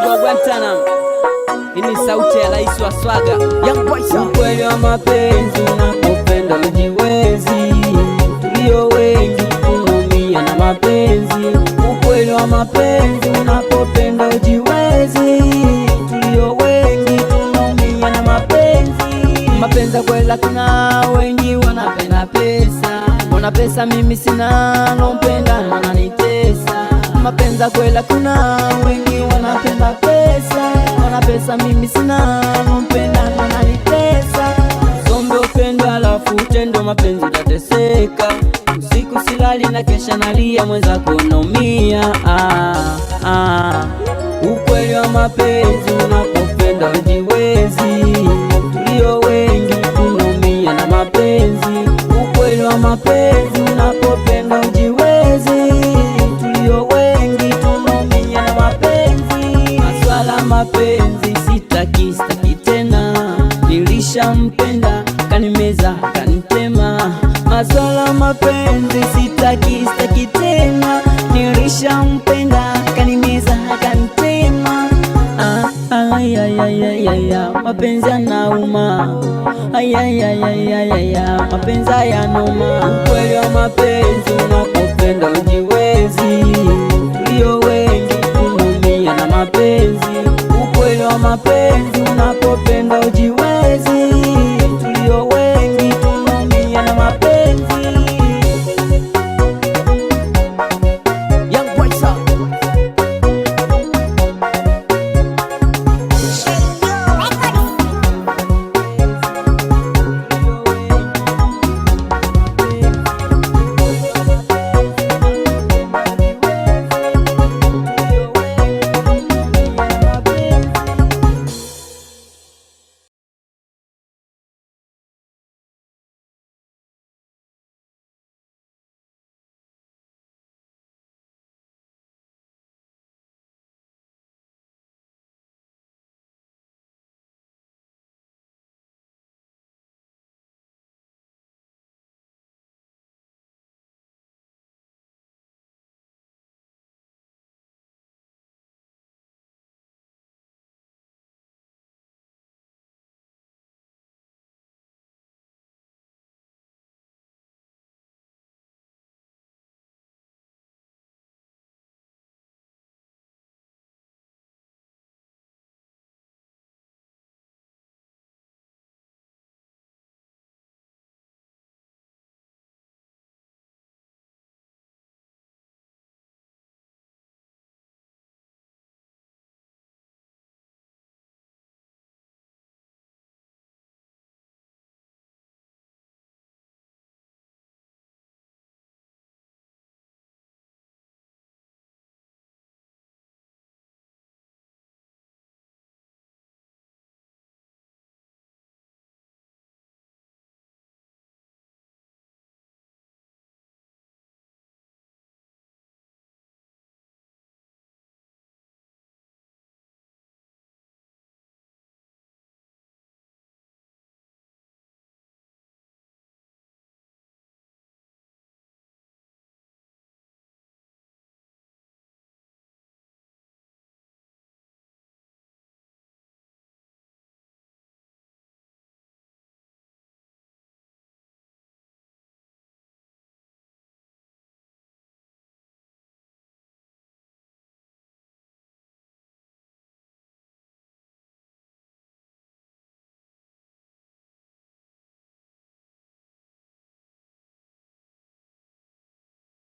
upande wa Guantanam. Hii ni sauti ya rais wa swaga Young Boys. Ukweli wa mapenzi na kupenda ujiwezi, tulio wengi kuumia na mapenzi. Ukweli wa mapenzi unakupenda ujiwezi, tulio wengi kuumia na mapenzi. Mapenzi kweli kuna wengi wanapenda pesa, mbona pesa mimi sina, nampenda ananite mapenza kwela kuna wengi wanapenda pesa, wana pesa, mimi sina, nampenda pesa sombe upendo alafu utendo mapenzi tateseka, usiku silali na kesha nalia, mweza kunomia ah, ah. Ukweli wa mapenzi unapopenda wajiwezi, tulio wengi tunaumia na mapenzi, ukweli wa mapenzi mapenzi sitaki, sitaki tena, nilishampenda kanimeza kanitema. Maswala mapenzi sitaki, sitaki tena, nilishampenda kanimeza kanitema. Ah, ayayayayaya, mapenzi yanauma, ayayayayaya, mapenzi yanoma, ukweli wa mapenzi mapenzi unapopenda uji